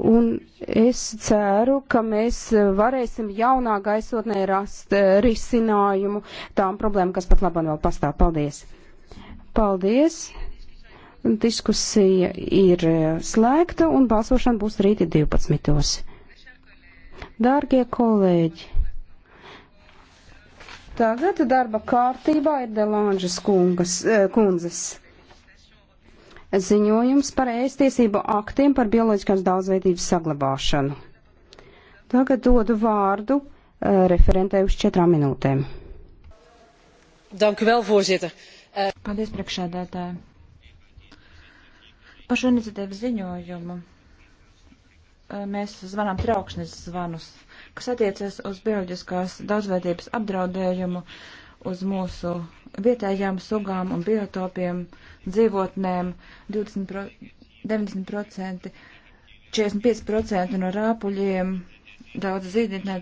Un es ceru, ka mēs varēsim jaunā gaisotnē rast eh, risinājumu tām problēmām, kas pat labam vēl pastāv. Paldies! Paldies! Diskusija ir eh, slēgta un balsošana būs rīt 12. Dārgie kolēģi! Tagad darba kārtībā ir Delanžas kungas, eh, kundzes ziņojums par ēstiesību aktiem par bioloģiskās daudzveidības saglabāšanu. Tagad dodu vārdu uh, eh, referentē uz četrām minūtēm. Dank u wel, voorzitter. Uh... Paldies, priekšsēdētāji. Par šo iniciatīvu ziņojumu eh, mēs zvanām trauksnes zvanus, kas attiecas uz bioloģiskās daudzveidības apdraudējumu. Uh, uz mūsu vietējām sugām un biotopiem, dzīvotnēm 20 pro, 90%, 45% no rāpuļiem, daudz eh,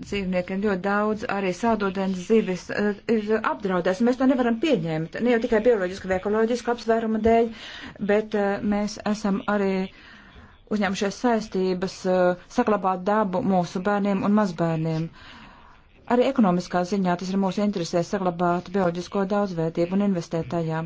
dzīvniekiem, ļoti daudz arī sādodens zivis eh, ir apdraudēts. Mēs to nevaram pieņemt, ne jau tikai bioloģiski vai ekoloģiski apsvērumu dēļ, bet eh, mēs esam arī uzņemšies saistības saglabāt dabu mūsu bērniem un mazbērniem. Uh, Arī ekonomiskā ziņā tas ir mūsu interesē saglabāt bioloģisko daudzveidību un investēt tajā.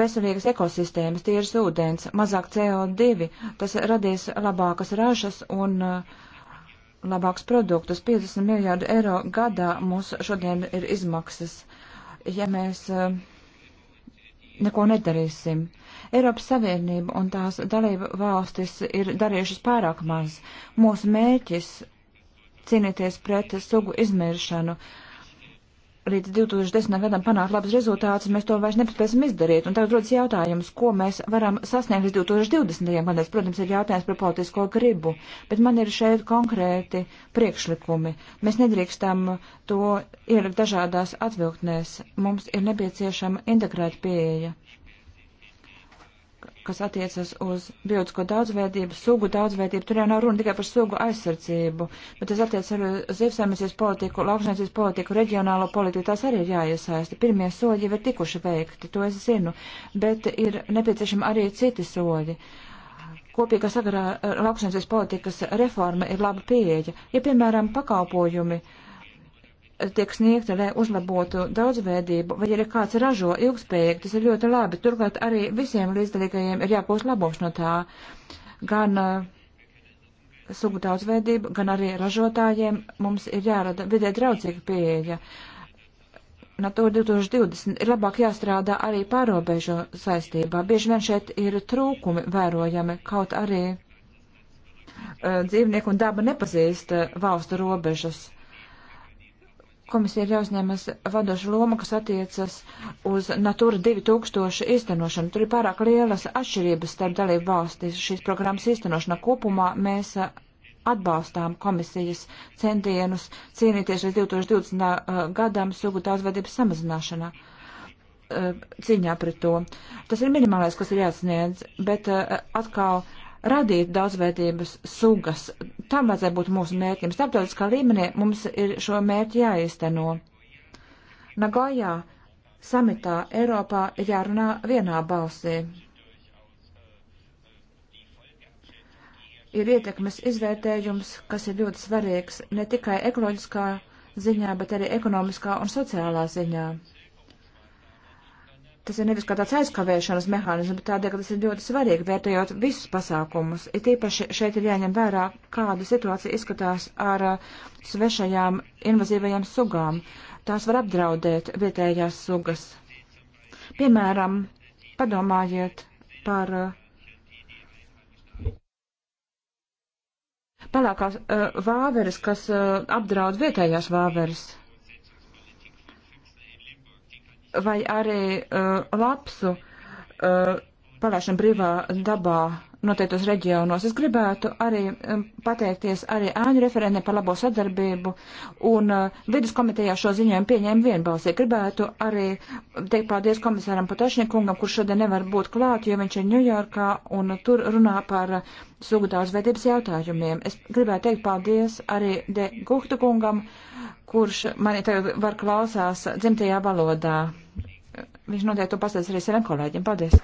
Veselīgas ekosistēmas, tīrs ūdens, mazāk CO2, tas radīs labākas ražas un uh, labākus produktus. 50 miljārdu eiro gadā mums šodien ir izmaksas. Ja mēs uh, neko nedarīsim. Eiropas Savienība un tās dalība valstis ir darījušas pārāk maz. Mūsu mēķis cīnīties pret sugu izmiršanu, uh, līdz 2010. gadam panākt labus rezultātus, mēs to vairs nespēsim izdarīt. Un tagad rodas jautājums, ko mēs varam sasniegt līdz 2020. gadam. Protams, ir jautājums par politisko gribu, bet man ir šeit konkrēti priekšlikumi. Mēs nedrīkstam to ielikt dažādās atvilktnēs. Mums ir nepieciešama integrēta pieeja kas attiecas uz biotisko daudzveidību, sugu daudzveidību. Tur jau nav runa tikai par sugu aizsardzību, bet tas attiecas arī uz zivsēmniecības politiku, lauksainicības politiku, reģionālo politiku. Tās arī ir jāiesaista. Pirmie soļi jau ir tikuši veikti, to es zinu, bet ir nepieciešami arī citi soļi. Kopīgā sagarā eh, lauksainicības politikas reforma ir laba pieeja. Ja, piemēram, pakalpojumi. Uh, tiek sniegta, lai uzlabotu daudzveidību, vai arī kāds ražo ilgspējīgi, tas ir ļoti labi. Turklāt arī visiem līdzdalīgajiem ir jākūst labums no tā, gan uh, sugu daudzveidību, gan arī ražotājiem mums ir jārada vidē draudzīga pieeja. Natūra 2020 ir labāk jāstrādā arī pārobežu saistībā. Bieži vien šeit ir trūkumi vērojami, kaut arī uh, dzīvnieku un daba nepazīst uh, valstu robežas Komisija ir jāuzņemas vadoša loma, kas attiecas uz Natūra 2000 īstenošanu. Tur ir pārāk lielas atšķirības starp dalību valstīs šīs programmas īstenošanā. Kopumā mēs uh, atbalstām komisijas centienus cīnīties līdz 2020. Uh, gadam sugu daudzveidības samazināšanā uh, cīņā pret to. Tas ir minimālais, kas ir jāsniedz, bet atkal radīt daudzveidības sugas. Tam vajadzētu būt mūsu mērķim. Starptautiskā līmenī mums ir šo mērķi jāizteno. Nagojā samitā Eiropā jārunā vienā balsī. Ir ietekmes izvērtējums, kas ir ļoti svarīgs ne tikai ekoloģiskā ziņā, bet arī ekonomiskā un sociālā ziņā tas ir nevis kā tāds aizkavēšanas mehānisms, bet tādēļ, ka tas ir ļoti svarīgi vērtējot visus pasākumus. Ir īpaši šeit ir jāņem vērā, kāda situācija izskatās ar uh, svešajām invazīvajām sugām. Tās var apdraudēt vietējās sugas. Piemēram, padomājiet par uh, pelēkās uh, vāveres, kas uh, apdraud vietējās vāveres vai arī uh, lapsu uh, palaišana brīvā dabā noteiktos reģionos. Es gribētu arī um, pateikties arī āņu referentiem par labo sadarbību un uh, vidus komitejā šo ziņojumu pieņēma vienbalsī. Gribētu arī teikt paldies komisāram Potašņikungam, kurš šodien nevar būt klāt, jo viņš ir Ņujorkā un uh, tur runā par uh, sugu daudzveidības jautājumiem. Es gribētu teikt paldies arī De Guhta kungam. Uh, kurš mani tagad var klausās dzimtajā valodā. Viņš noteikti to pastāstīs arī saviem kolēģiem. Paldies.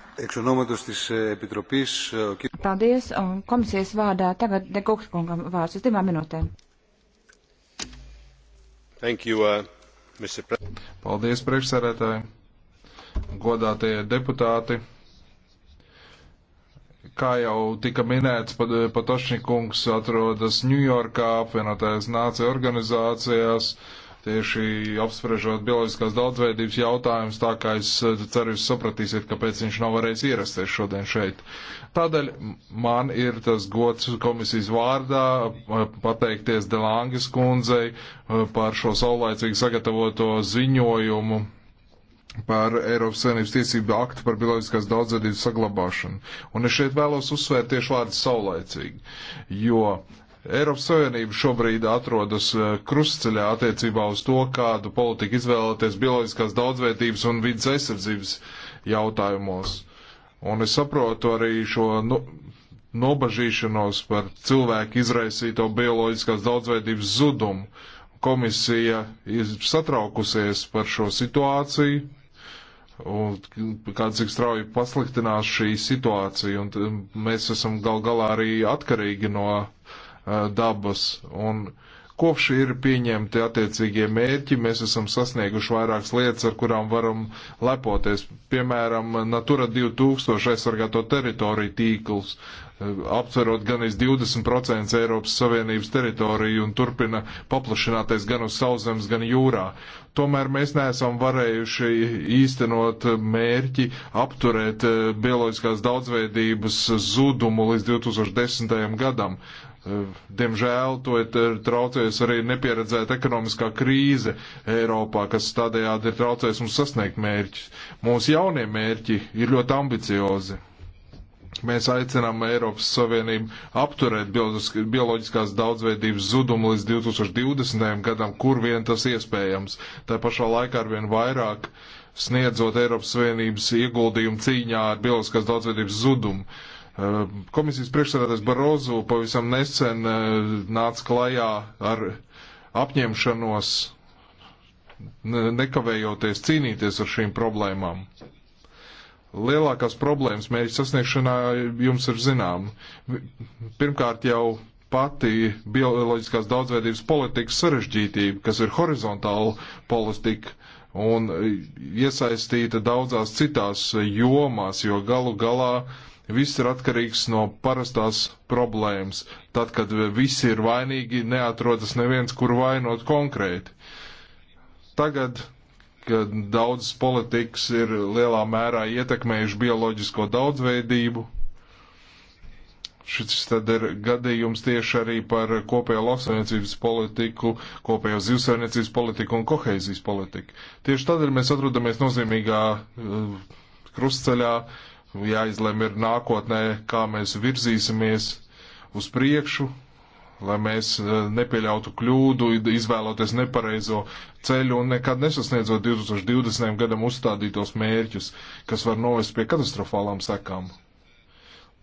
Paldies. Un komisijas vārdā tagad Dekukskungam vārds uz divām minūtēm. Thank you, uh, Paldies, priekšsēdētāji. Godātie deputāti. Kā jau tika minēts, Patošņikungs atrodas Ņujorkā, apvienotās nācija organizācijās, tieši apspriežot bioloģiskās daudzveidības jautājumus, tā kā es eh, ceru, jūs sapratīsiet, kāpēc viņš nav varējis ierasties šodien šeit. Tādēļ man ir tas gods komisijas vārdā eh, pateikties Delāngas kundzei eh, par šo saulēcīgi sagatavoto ziņojumu par Eiropas Savienības tiesību aktu par bioloģiskās daudzveidības saglabāšanu. Un es šeit vēlos uzsvērt tieši vārdu saulēcīgi, jo Eiropas Savienība šobrīd atrodas eh, krustceļā attiecībā uz to, kādu politiku izvēlēties bioloģiskās daudzveidības un vidas aizsardzības jautājumos. Un es saprotu arī šo nu, nobažīšanos par cilvēku izraisīto bioloģiskās daudzveidības zudumu. Komisija ir satraukusies par šo situāciju, un kā cik strauji pasliktinās šī situācija, un mēs esam gal galā arī atkarīgi no uh, dabas. Un, uh, Kopš ir pieņemti attiecīgie mērķi, mēs esam sasnieguši vairākas lietas, ar kurām varam lepoties. Piemēram, Natura 2000 aizsargāto teritoriju tīkls, e, aptverot gan iz 20% Eiropas Savienības teritoriju un turpina paplašināties gan uz sauszemes, gan jūrā. Tomēr mēs neesam varējuši īstenot mērķi apturēt e, bioloģiskās daudzveidības zudumu līdz 2010. gadam. Eh, diemžēl to ir traucējusi arī nepieredzēta ekonomiskā krīze Eiropā, kas tādējādi ir traucējusi mums sasniegt mērķus. Mūsu jaunie mērķi ir ļoti ambiciozi. Mēs aicinām Eiropas Savienību apturēt bioloģiskās daudzveidības zudumu līdz 2020. gadam, kur vien tas iespējams. Tā pašā laikā arvien vairāk sniedzot Eiropas Savienības ieguldījumu cīņā ar bioloģiskās daudzveidības zudumu. Uh, Eh, komisijas priekšsēdētājs Barozu pavisam nesen eh, nāca klajā ar apņemšanos nekavējoties cīnīties ar šīm problēmām. Lielākās problēmas mērķa sasniegšanā jums ir zinām. Pirmkārt jau pati bioloģiskās daudzveidības politikas sarežģītība, kas ir horizontāla politika un iesaistīta daudzās citās jomās, jo galu galā uh, Viss ir atkarīgs no parastās problēmas. Tad, kad visi ir vainīgi, neatrodas neviens, kur vainot konkrēti. Tagad ka daudzas politikas ir lielā mērā ietekmējuši bioloģisko daudzveidību. Šis tad ir gadījums tieši arī par kopējo lauksaimniecības politiku, kopējo zivsaimniecības politiku un koheizijas politiku. Tieši tad ir mēs atrodamies nozīmīgā uh, krustceļā, uh, jāizlem ir nākotnē, kā mēs virzīsimies uz priekšu, lai mēs eh, nepieļautu kļūdu, izvēloties nepareizo ceļu un nekad nesasniedzot 2020. gadam uzstādītos mērķus, kas var novest pie katastrofālām sekām.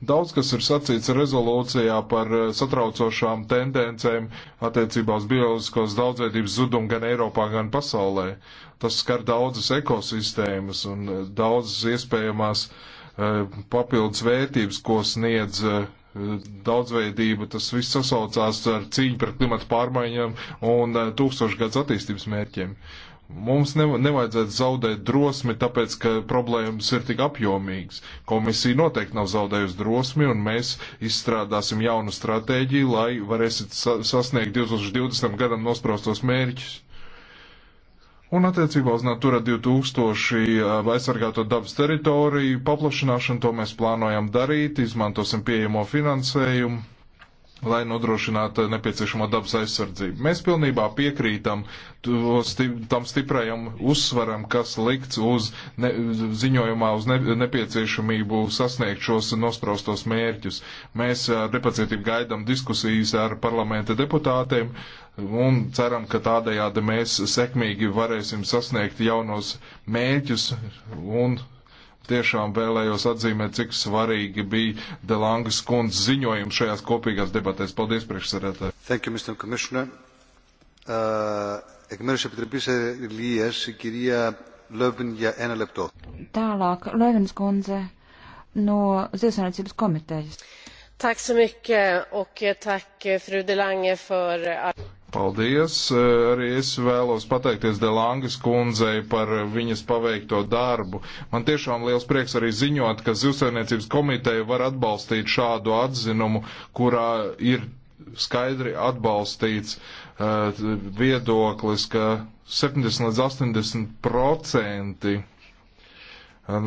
Daudz kas ir sacīts rezolūcijā par eh, satraucošām tendencēm attiecībā uz bioloģiskos daudzveidības zudumu gan Eiropā, gan pasaulē. Tas skar daudzas ekosistēmas un eh, daudzas iespējamās uh, Eh, papildus vērtības, ko sniedz eh, daudzveidība, tas viss sasaucās ar cīņu pret klimatu pārmaiņām un eh, tūkstošgads attīstības mērķiem. Mums neva, nevajadzētu zaudēt drosmi, tāpēc, ka problēmas ir tik apjomīgas. Komisija noteikti nav zaudējusi drosmi, un mēs izstrādāsim jaunu stratēģiju, lai varēsit sasniegt 2020. gadam nosprostos mērķus. Un attiecībā uz Natura 2000 eh, aizsargāto dabas teritoriju paplašināšanu to mēs plānojam darīt, izmantosim pieejamo finansējumu, lai nodrošinātu nepieciešamo dabas aizsardzību. Mēs pilnībā piekrītam sti tam stiprajam uzsvaram, kas likts uz ne, ziņojumā uz ne, nepieciešamību sasniegt šos nospraustos mērķus. Mēs eh, ar nepacietību gaidam diskusijas ar parlamenta deputātiem, uh, un ceram, ka tādējādi mēs sekmīgi varēsim sasniegt jaunos mēķus un tiešām vēlējos atzīmēt, cik svarīgi bija Delangas kundzes ziņojums šajās kopīgās debatēs. Paldies, priekšsēdētāji. Thank you, Mr. Commissioner. Εκ μέρους της Επιτροπής Ελίας, η κυρία Λόβιν για ένα λεπτό. Tālāk, Λόβινς κόντζε, no Zilsarnācības komitejas. Tack så mycket och tack fru Delange för... Paldies. Arī es vēlos pateikties Delangas kundzei par viņas paveikto darbu. Man tiešām liels prieks arī ziņot, ka Zivsainiecības komiteja var atbalstīt šādu atzinumu, kurā ir skaidri atbalstīts uh, viedoklis, ka 70 līdz 80 procenti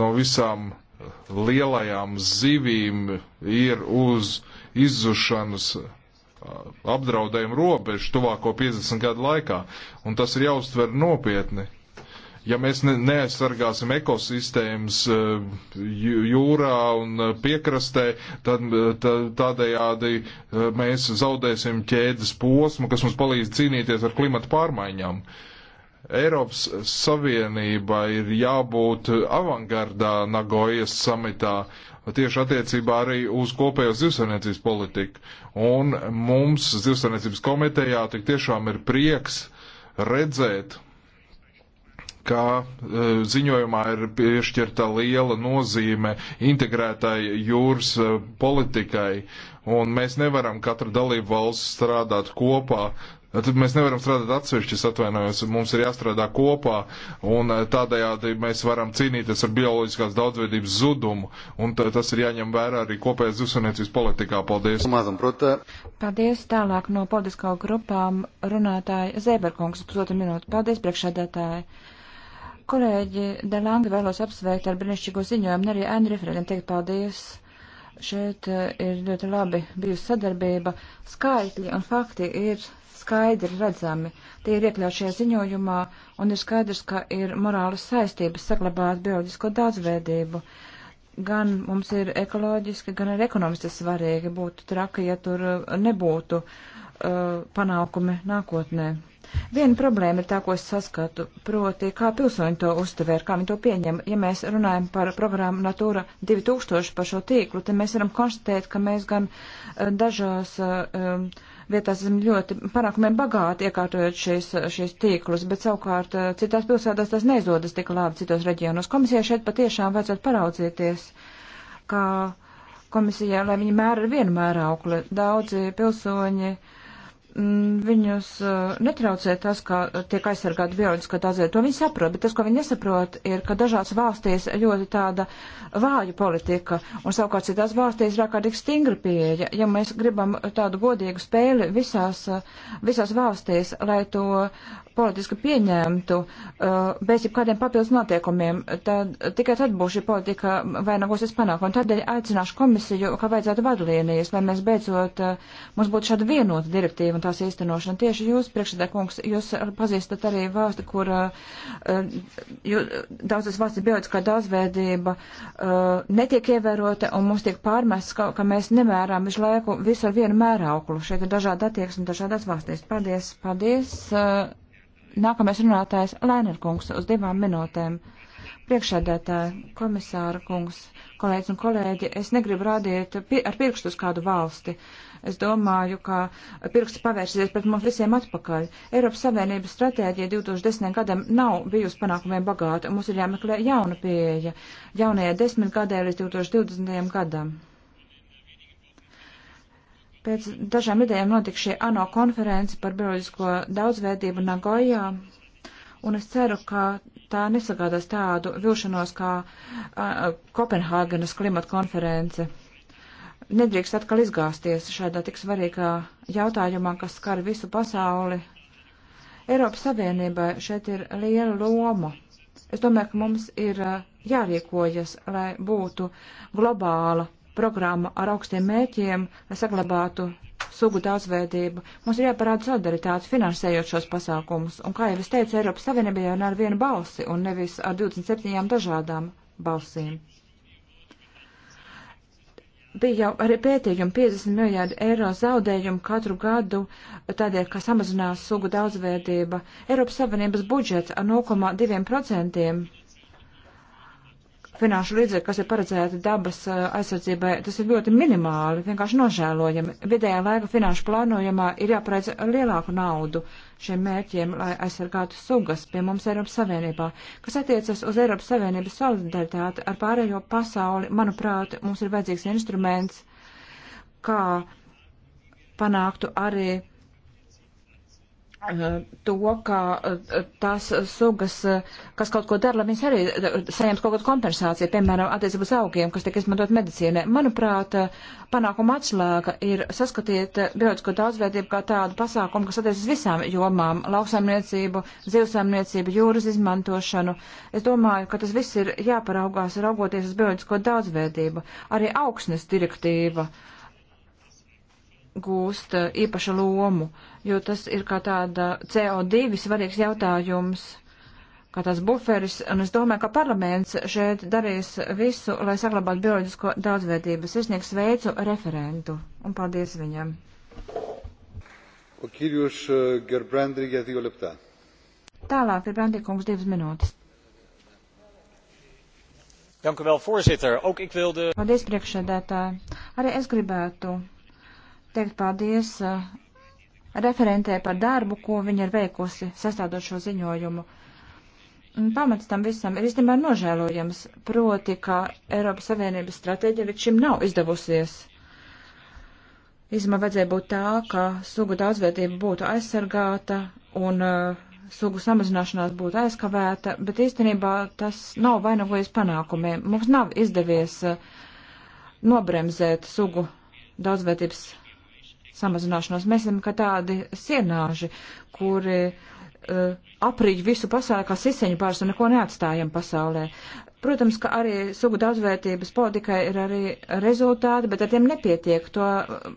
no visām lielajām zivīm ir uz izzušanas Uh, apdraudējumu robežu tuvāko 50 gadu laikā, un tas ir jāuztver nopietni. Ja mēs ne, neaizsargāsim ekosistēmas uh, jūrā un uh, piekrastē, tad tādējādi mēs zaudēsim ķēdes posmu, kas mums palīdz cīnīties ar klimatu pārmaiņām. Eiropas Savienība ir jābūt avangardā Nagojas samitā, tieši attiecībā arī uz kopējo zivsarniecības politiku. Un mums zivsarniecības komitejā tik tiešām ir prieks redzēt, ka e, ziņojumā ir piešķirta liela nozīme integrētai jūras e, politikai, un mēs nevaram katru dalību valsts strādāt kopā, Tad mēs nevaram strādāt atsevišķi, es atvainojos, mums ir jāstrādā kopā, un eh, tādējādi mēs varam cīnīties ar bioloģiskās daudzveidības zudumu, un tas ir jāņem vērā arī kopējās zivsainiecības politikā. Paldies! Paldies! Tālāk no politiskā grupām runātāja Zēberkungs, pusotru minūtu. Paldies, priekšādātāji! Kolēģi Delanga vēlos apsveikt ar brīnišķīgo ziņojumu, arī Andri Fredem teikt paldies Šeit eh, ir ļoti labi bijusi sadarbība. Skaitļi un fakti ir skaidri redzami. Tie ir iekļauts šajā ziņojumā un ir skaidrs, ka ir morālas saistības saglabāt bioloģisko daudzveidību. Gan mums ir ekoloģiski, gan ir ekonomiski svarīgi. Būtu traki, ja tur eh, nebūtu uh, panākumi nākotnē. Viena problēma ir tā, ko es saskatu, proti, kā pilsoņi to uztver, kā viņi to pieņem. Ja mēs runājam par programmu Natūra 2000 par šo tīklu, tad mēs varam konstatēt, ka mēs gan eh, dažās um, vietās esam ļoti panākumiem bagāti iekārtojot šīs, šīs tīklus, bet savukārt eh, citās pilsētās tas neizdodas tik labi citos reģionos. Komisija šeit patiešām vajadzētu paraudzīties, kā komisijā, lai viņi mēra ar vienu mēraukli. Daudzi pilsoņi. Uh, Mm, viņus eh, netraucē tas, ka tiek aizsargāti bioloģiskā dozē. To viņi saprot, bet tas, ko viņi nesaprot, ir, ka dažās valstīs ļoti tāda vāju politika un savukārt citās valstīs ir ārkārtīgi stingra pieeja. Ja mēs gribam tādu godīgu spēli visās, eh, visās valstīs, lai to uh, politiski pieņemtu uh, bez jebkādiem papildus noteikumiem, tad tikai tad būs šī politika vainagosies panākumi. Tādēļ aicināšu komisiju, ka vajadzētu vadlīnijas, lai mēs beidzot, uh, mums būtu šāda vienota direktīva un tās īstenošana. Tieši jūs, priekšsēdē kungs, jūs pazīstat arī valsti, kur uh, daudzas valsts biotiskā daudzveidība netiek ievērota un mums tiek pārmests, ka, ka mēs nemērām visu laiku visu ar vienu mērauklu. Šeit ir dažāda attieksme dažādās valstīs. Paldies, paldies. Uh, Nākamais runātājs Lēner kungs uz divām minūtēm. Priekšēdētāji, komisāra kungs, kolēģis un kolēģi, es negribu rādīt pi ar pirkstu uz kādu valsti. Es domāju, ka pirksts pavērsies pret mums visiem atpakaļ. Eiropas Savienības stratēģija 2010. gadam nav bijusi panākumiem bagāta, un mums ir jāmeklē jauna pieeja jaunajai desmitgadē līdz 2020. gadam. Pēc dažām idejām notika šī ANO konference par bioloģisko daudzveidību Nagojā, un es ceru, ka tā nesagādās tādu vilšanos kā uh, Kopenhāgenas klimata konference. Nedrīkst atkal izgāzties šādā tik svarīgā jautājumā, kas skar visu pasauli. Eiropas Savienībai šeit ir liela loma. Es domāju, ka mums ir jārīkojas, lai būtu globāla programma ar augstiem mēķiem, lai saglabātu sugu daudzveidību. Mums ir jāparāda solidaritāte finansējot šos pasākumus, un, kā jau es teicu, Eiropas Savienībā jau ar vienu balsi un nevis ar 27 dažādām balsīm. Bija jau arī pētījumi 50 miljārdu eiro zaudējumu katru gadu, tādēļ, ka samazinās sugu daudzveidība. Eiropas Savienības budžets ar 0,2% finanšu līdzekļi, kas ir paredzēti dabas eh, aizsardzībai, tas ir ļoti minimāli, vienkārši nožēlojami. Vidējā laika finanšu plānojumā ir jāparedz lielāku naudu šiem mērķiem, lai aizsargātu sugas pie mums Eiropas Savienībā. Kas attiecas uz Eiropas Savienības solidaritāti ar pārējo pasauli, manuprāt, mums ir vajadzīgs instruments, kā panāktu arī Eh, to, ka eh, tās sugas, eh, kas kaut ko dara, lai viņas arī saņems kaut kādu kompensāciju, piemēram, attiecībā uz augiem, kas tiek izmantot medicīnē. Manuprāt, panākuma atslēga ir saskatīt bioloģisko daudzveidību kā tādu pasākumu, kas attiecas visām jomām - lauksaimniecību, zivsaimniecību, jūras izmantošanu. Es domāju, ka tas viss ir jāparaugās, raugoties uz bioloģisko daudzveidību. Arī augsnes direktīva. Uh, gūst eh, īpašu lomu, jo tas ir kā tāda CO2 svarīgs jautājums, kā tās buferis, un es domāju, ka parlaments šeit darīs visu, lai saglabātu bioloģisko daudzveidību. Es sniegšu sveicu referentu, un paldies viņam. Eh, Tālāk ir Brandīkungs divas minūtes. Dank u wel, voorzitter. Ook ik wilde. Paldies, priekšsēdētāji. Arī es gribētu teikt paldies uh, referentē par darbu, ko viņa ir veikusi sastādot šo ziņojumu. Pamats tam visam ir īstenībā nožēlojams, proti, ka Eiropas Savienības stratēģija līdz šim nav izdevusies. Īsumā vajadzēja būt tā, ka sugu daudzveidība būtu aizsargāta un uh, sugu samazināšanās būtu aizkavēta, bet īstenībā tas nav vainagojies panākumiem. Mums nav izdevies uh, nobremzēt sugu daudzveidības samazināšanos. Mēs esam kā tādi sienāži, kuri uh, e, aprīķ visu pasauli kā siseņu pāris un neko neatstājam pasaulē. Protams, ka arī sugu daudzvērtības politikai ir arī rezultāti, bet ar tiem nepietiek. To e,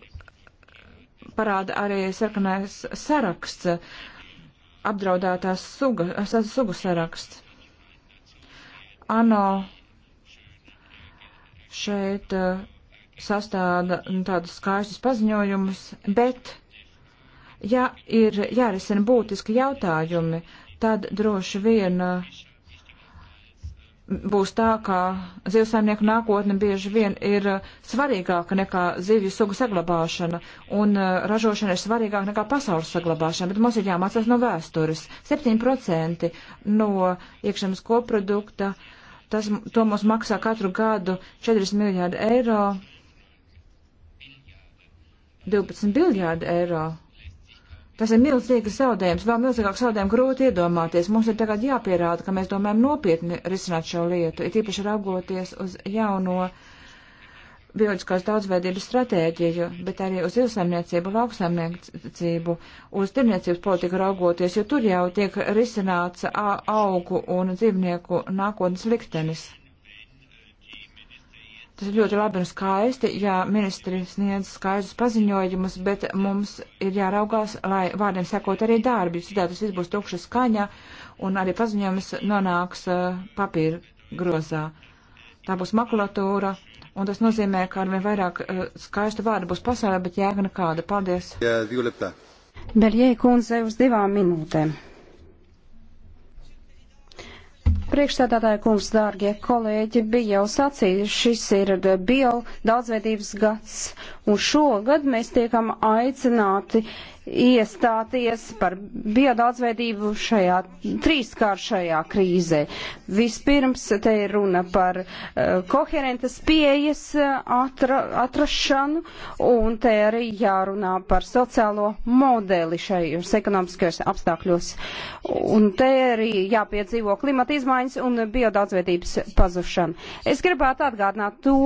parāda arī sarkanais saraksts, apdraudētās suga, sugu saraksts. Ano šeit uh, sastāda tādus skaistus paziņojumus, bet, ja ir jārisina būtiski jautājumi, tad droši vien būs tā, ka zivsaimnieku nākotne bieži vien ir svarīgāka nekā zivju sugu saglabāšana, un e, ražošana ir svarīgāka nekā pasaules saglabāšana, bet mums ir jāmācās no vēstures. 7% no iekšzemes koprodukta, tas, to mums maksā katru gadu 40 miljārdu eiro 12 biljārdi eiro. Tas ir milzīgs zaudējums, vēl milzīgāks zaudējums grūti iedomāties. Mums ir tagad jāpierāda, ka mēs domājam nopietni risināt šo lietu, ir īpaši raugoties uz jauno bioloģiskās daudzveidības stratēģiju, bet arī uz ilgsaimniecību, lauksaimniecību, uz tirniecības politiku raugoties, jo tur jau tiek risināts augu un dzīvnieku nākotnes liktenis. Tas ir ļoti labi un skaisti, ja ministri sniedz skaidrus paziņojumus, bet mums ir jāraugās, lai vārdiem sekot arī darbi, citādi tas viss būs tukša skaņa un arī paziņojums nonāks uh, papīra grozā. Tā būs makulatūra, un tas nozīmē, ka arvien vairāk uh, eh, skaistu vārdu būs pasaulē, bet jēga nekāda. Paldies! Berjē kundze uz divām minūtēm. Priekšstādātāja kungs, dārgie kolēģi, bija jau sacījis, šis ir bio daudzveidības gads, un šogad mēs tiekam aicināti iestāties par biodaudzveidību šajā trīskāršajā krīzē. Vispirms te ir runa par uh, koherentas pieejas eh, atra, atrašanu un te arī jārunā par sociālo modeli šajos ekonomiskajos apstākļos. Un te arī jāpiedzīvo klimata izmaiņas un biodaudzveidības pazušana. Es gribētu atgādināt to,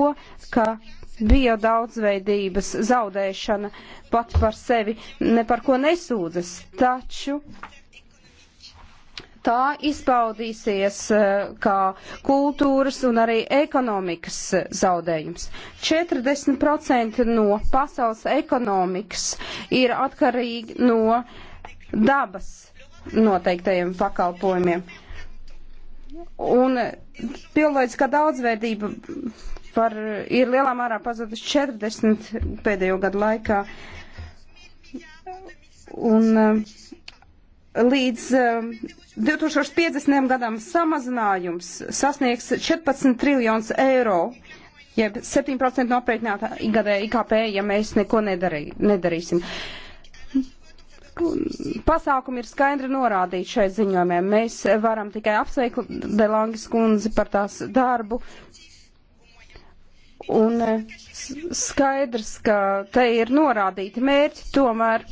ka biodaudzveidības zaudēšana pati par sevi ne par ko nesūdzas, taču tā izpaudīsies eh, kā kultūras un arī ekonomikas zaudējums. 40% no pasaules ekonomikas ir atkarīgi no dabas noteiktajiem pakalpojumiem. Un pilnveids, ka daudzveidība par, ir lielā mērā pazudis 40 pēdējo gadu laikā. Un um, līdz 2050. Um, gadam samazinājums sasniegs 14 triljons eiro, jeb 7% no aprēķinātā gadē IKP, ja mēs neko nedarī, nedarīsim. Pasākumi ir skaidri norādīti šai ziņojumē. Mēs varam tikai apsveikt Delangis kundzi par tās darbu, Un eh, skaidrs, ka te ir norādīti mērķi, tomēr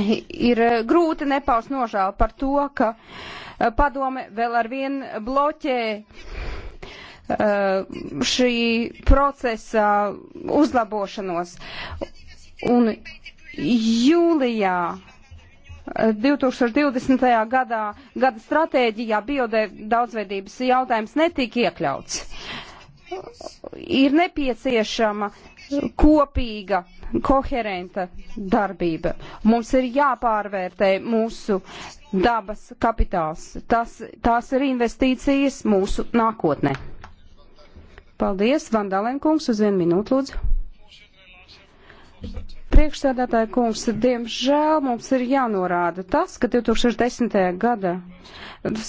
ir eh, grūti nepaust nožēlu par to, ka eh, padome vēl ar vienu bloķē šī procesa uzlabošanos. Un jūlijā 2020. gadā gada stratēģijā biodaudzveidības jautājums netika iekļauts ir nepieciešama kopīga, koherenta darbība. Mums ir jāpārvērtē mūsu dabas kapitāls. Tas, tās ir investīcijas mūsu nākotnē. Paldies, Vandalenkungs, uz vienu minūtu lūdzu. Priekšsēdētāja kungs, diemžēl mums ir jānorāda tas, ka 2010. gada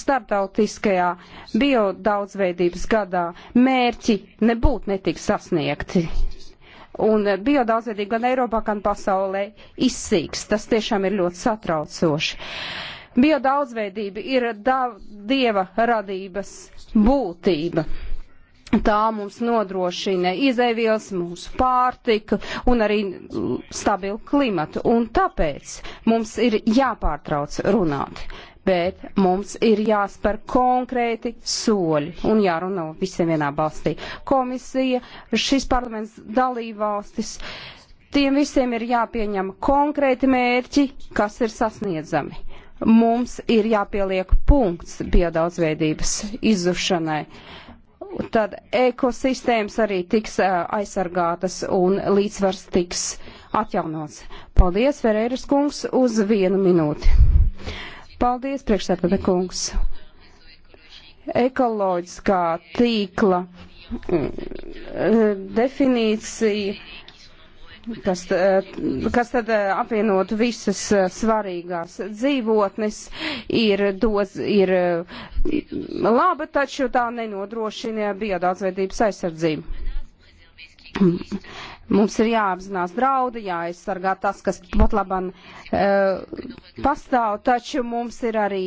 starptautiskajā biodaudzveidības gadā mērķi nebūt netiks sasniegti. Un biodaudzveidība gan Eiropā, gan pasaulē izsīks. Tas tiešām ir ļoti satraucoši. Biodaudzveidība ir dieva radības būtība. Tā mums nodrošina izēvielas, mūsu pārtiku un arī stabilu klimatu. Un tāpēc mums ir jāpārtrauc runāt, bet mums ir jāspēr konkrēti soļi un jārunā visiem vienā balstī. Komisija, šis parlaments dalībvalstis, tiem visiem ir jāpieņem konkrēti mērķi, kas ir sasniedzami. Mums ir jāpieliek punkts biodaudzveidības izzušanai. Uh, tad ekosistēmas arī tiks aizsargātas un līdzsvars tiks atjaunots. Paldies, Ferēras kungs, uz vienu minūti. Paldies, priekšsēdētāja kungs. Ekoloģiskā tīkla definīcija kas, eh, kas tad eh, apvienot visas eh, svarīgās dzīvotnes, ir, doz, ir laba, taču tā nenodrošina biodaudzveidības aizsardzību. Mums ir jāapzinās draudi, jāaizsargā tas, kas pat laban uh, eh, pastāv, taču mums ir arī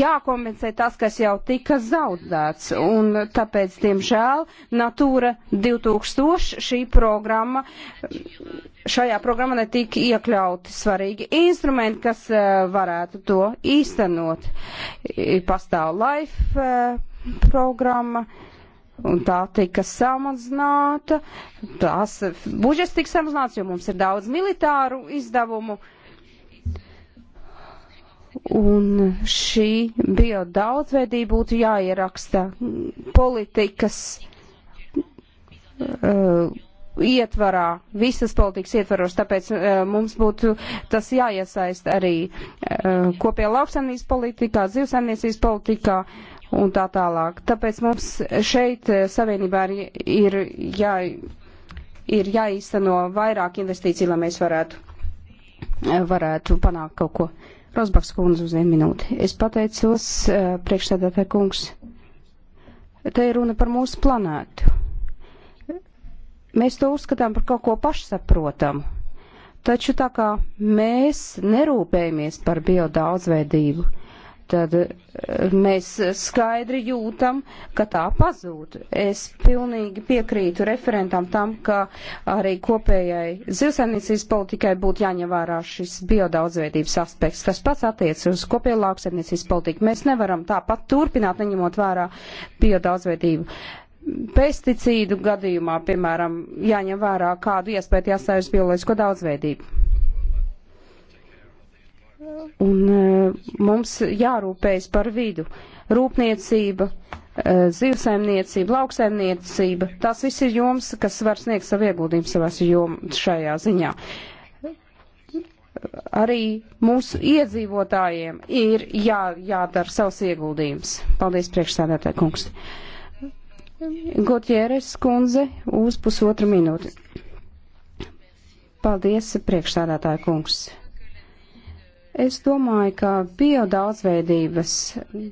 jākompensē tas, kas jau tika zaudēts. Un tāpēc, diemžēl, Natūra 2000 šī programma, šajā programmā netika iekļauti svarīgi instrumenti, kas uh, varētu to īstenot. Pastāv life uh, programma. Uh, un tā tika samazināta. Tās budžets tika samazināts, jo mums ir daudz militāru izdevumu. Un šī bio daudzveidība būtu jāieraksta politikas uh, ietvarā, visas politikas ietvaros, tāpēc uh, mums būtu tas jāiesaist arī uh, kopējā lauksaimniecības politikā, zivsaimniecības politikā. Uh, un tā tālāk. Tāpēc mums šeit eh, savienībā ir, ir, jā, ir jāīsteno vairāk investīciju, lai mēs varētu, eh, varētu panākt kaut ko. Rosbaks kundze uz vienu minūti. Es pateicos eh, priekšstādātē kungs. Te ir runa par mūsu planētu. Mēs to uzskatām par kaut ko pašsaprotamu. Taču tā kā mēs nerūpējamies par biodaudzveidību, daudzveidību, tad eh, mēs skaidri jūtam, ka tā pazūd. Es pilnīgi piekrītu referentam tam, ka arī kopējai zivsainīcības politikai būtu jāņem vērā šis biodaudzveidības aspekts. Tas pats attiecas uz kopējo lauksainīcības politiku. Mēs nevaram tāpat turpināt, neņemot vērā biodaudzveidību. Pesticīdu gadījumā, piemēram, jāņem vērā, kādu iespēju jāstājas bioloģisko daudzveidību Un e, mums jārūpējas par vidu. Rūpniecība, e, zivsaimniecība, lauksaimniecība, tās viss ir joms, kas var sniegt savu ieguldījumu savās jom šajā ziņā. Arī mūsu iedzīvotājiem ir jā, jādara savs ieguldījums. Paldies, priekšsēdētāji kungs. Gotjēres kundze uz pusotru minūti. Paldies, priekšsēdētāji kungs. Es domāju, ka biodaudzveidības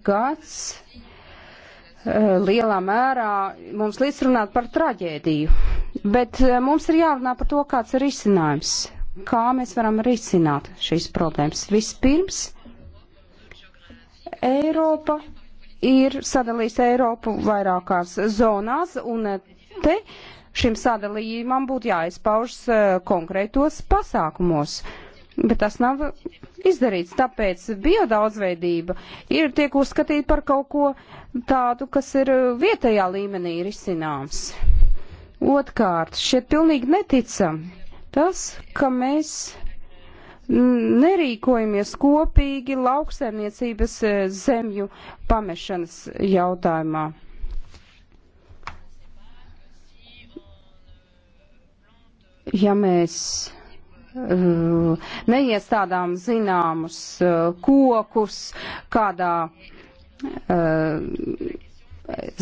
gads eh, lielā mērā mums līdz runāt par traģēdiju, bet eh, mums ir jārunā par to, kāds ir risinājums, kā mēs varam risināt šīs problēmas. Vispirms, Eiropa ir sadalījusi Eiropu vairākās zonās, un eh, te šim sadalījumam būtu jāizpaužas konkrētos pasākumos, bet tas nav izdarīts. Tāpēc biodaudzveidība ir tiek uzskatīta par kaut ko tādu, kas ir uh, vietējā līmenī risināms. Otkārt, šie pilnīgi neticami tas, ka mēs nerīkojamies kopīgi lauksaimniecības uh, zemju pamešanas jautājumā. Ja mēs Eh, neiestādām zināmus eh, kokus kādā eh,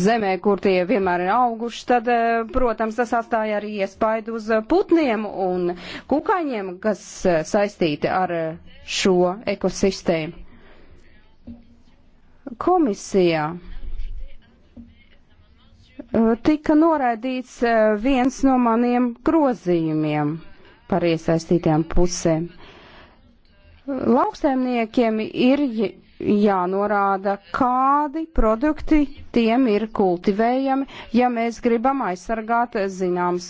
zemē, kur tie vienmēr ir auguši, tad, protams, tas atstāja arī iespaidu uz putniem un kukaiņiem, kas saistīti ar šo ekosistēmu. Komisijā tika noraidīts viens no maniem grozījumiem par iesaistītām pusēm. Lauksaimniekiem ir jānorāda, kādi produkti tiem ir kultivējami, ja mēs gribam aizsargāt zināms,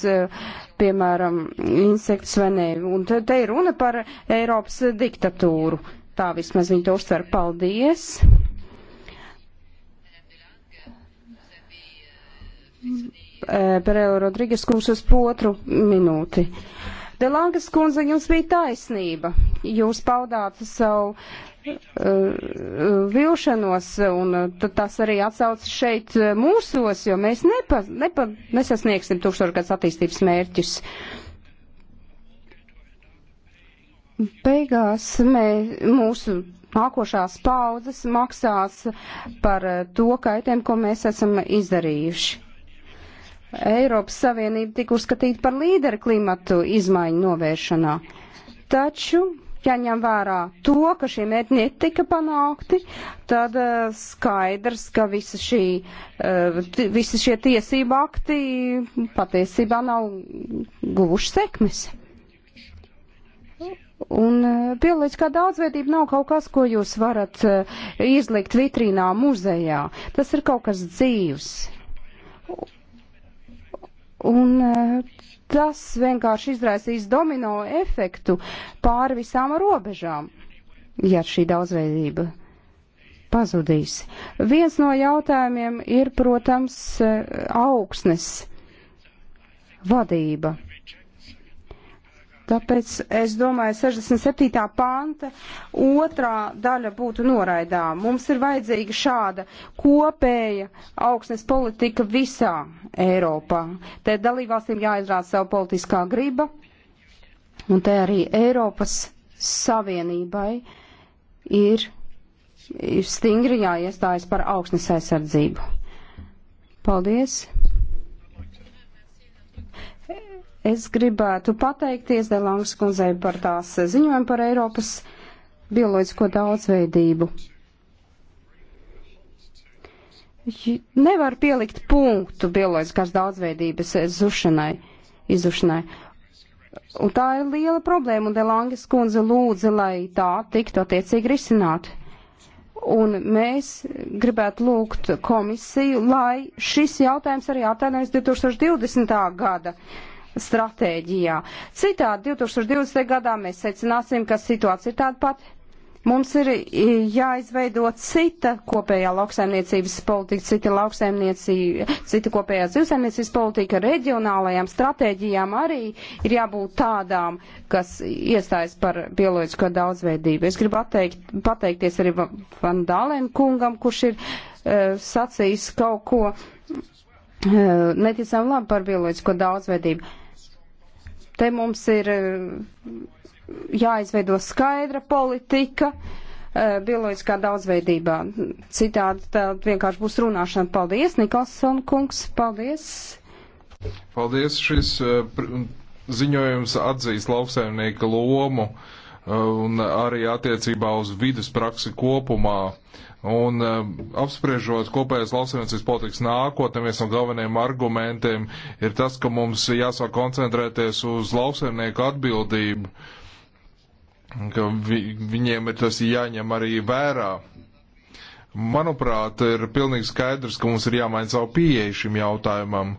piemēram, insektus vai nē. Un te ir runa par Eiropas diktatūru. Tā vismaz viņi to uztver. Paldies! Pereira Rodrīgas kungs uz potru minūti. Delangas kundze, jums bija taisnība. Jūs paudāt savu uh, vilšanos, un eh, tas arī atsauc šeit eh, mūsos, jo mēs nepa, nepa, nesasniegsim tūkstošgads attīstības mērķus. Beigās mē, mūsu nākošās paudzes maksās par to kaitēm, ko mēs esam izdarījuši. Eiropas Savienība tika uzskatīta par līderi klimatu izmaiņu novēršanā. Taču, ja ņem vērā to, ka šie mērķi netika panākti, tad eh, skaidrs, ka visa šī, eh, visi šie tiesība akti patiesībā nav guvuši sekmes. Un bioloģiskā eh, daudzveidība nav kaut kas, ko jūs varat izlikt vitrīnā muzejā. Tas ir kaut kas dzīvs Un eh, tas vienkārši izraisīs domino efektu pāri visām robežām, ja šī daudzveidība pazudīs. Viens no jautājumiem ir, protams, eh, augsnes vadība Tāpēc es domāju, 67. panta otrā daļa būtu noraidām. Mums ir vajadzīga šāda kopēja augsnes politika visā Eiropā. Te dalībvalstīm jāizrāda savu politiskā griba, un te arī Eiropas Savienībai ir, ir stingri jāiestājas par augsnes aizsardzību. Paldies! Es gribētu pateikties Delangas kundzei par tās ziņojumu par Eiropas bioloģisko daudzveidību. Nevar pielikt punktu bioloģiskās daudzveidības zušanai, izušanai. Un tā ir liela problēma, un Delangas kundze lūdza, lai tā tiktu attiecīgi risināta. Un mēs gribētu lūgt komisiju, lai šis jautājums arī atēnēs 2020. gada stratēģijā. Citādi 2020. gadā mēs secināsim, ka situācija ir tāda pati. Mums ir jāizveido cita kopējā lauksaimniecības politika, cita lauksaimniecība, cita kopējā zivsaimniecības politika, reģionālajām stratēģijām arī ir jābūt tādām, kas iestājas par bioloģisko daudzveidību. Es gribu atteikt, pateikties arī Van Dālēn kungam, kurš ir uh, sacījis kaut ko uh, e, neticam labi par bioloģisko daudzveidību. Te mums ir eh, jāizveido skaidra politika eh, bioloģiskā daudzveidībā. Citādi tā vienkārši būs runāšana. Paldies, Nikolson kungs, paldies. Paldies, šis eh, ziņojums atzīst lauksaimnieka lomu un arī attiecībā uz vidas praksi kopumā. Un uh, apspriežot kopējās lauksaimniecības politikas nākotnē, viens no galvenajiem argumentiem ir tas, ka mums jāsāk koncentrēties uz lauksaimnieku atbildību, ka vi viņiem ir tas jāņem arī vērā. Manuprāt, ir pilnīgi skaidrs, ka mums ir jāmaina savu pieeju šim jautājumam.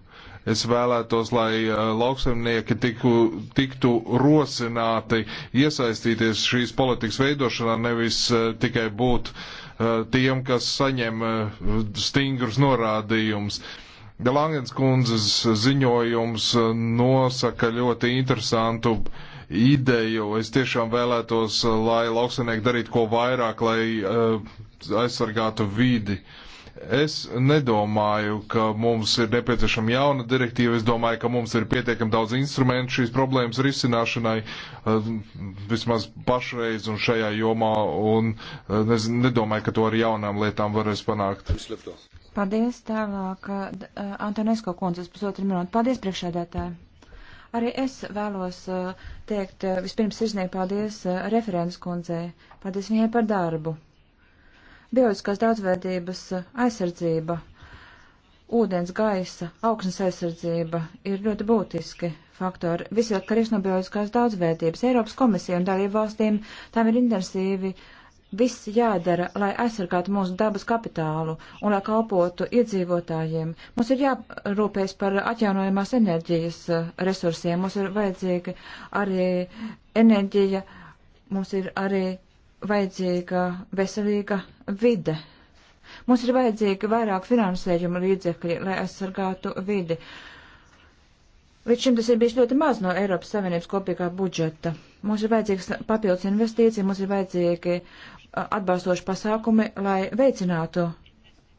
Es vēlētos, lai uh, lauksaimnieki tiku, tiktu rosināti iesaistīties šīs politikas veidošanā, nevis uh, tikai būt uh, Eh, tiem, kas saņem eh, stingrus norādījumus. Delangens kundzes ziņojums eh, nosaka ļoti interesantu ideju. Es tiešām vēlētos, lai lauksanieki darītu ko vairāk, lai aizsargātu vidi. Uh, Es nedomāju, ka mums ir nepieciešama jauna direktīva. Es domāju, ka mums ir pietiekami daudz instrumentu šīs problēmas risināšanai, eh, vismaz pašreiz un šajā jomā, un es eh, nedomāju, ka to ar jaunām lietām varēs panākt. Paldies, tālāk, eh, Antonesko kundzes pusotru minūtu. Paldies, priekšēdētāji. Arī es vēlos teikt, vispirms izniegt paldies referents kundzei. Paldies viņai par darbu bioloģiskās daudzveidības aizsardzība, ūdens, gaisa, augsnes aizsardzība ir ļoti būtiski faktori. Visi atkarīgs no bioloģiskās daudzveidības. Eiropas komisija un dalību valstīm tam ir intensīvi viss jādara, lai aizsargātu mūsu dabas kapitālu un lai kalpotu iedzīvotājiem. Mums ir jārūpējas par atjaunojamās enerģijas uh, resursiem, mums ir vajadzīga arī enerģija, mums ir arī vajadzīga veselīga vide. Mums ir vajadzīga vairāk finansējuma līdzekļi, lai aizsargātu vidi. Līdz šim tas ir bijis ļoti maz no Eiropas Savienības kopīgā budžeta. Mums ir vajadzīgas papildus investīcija, mums ir vajadzīgi atbalstoši pasākumi, lai veicinātu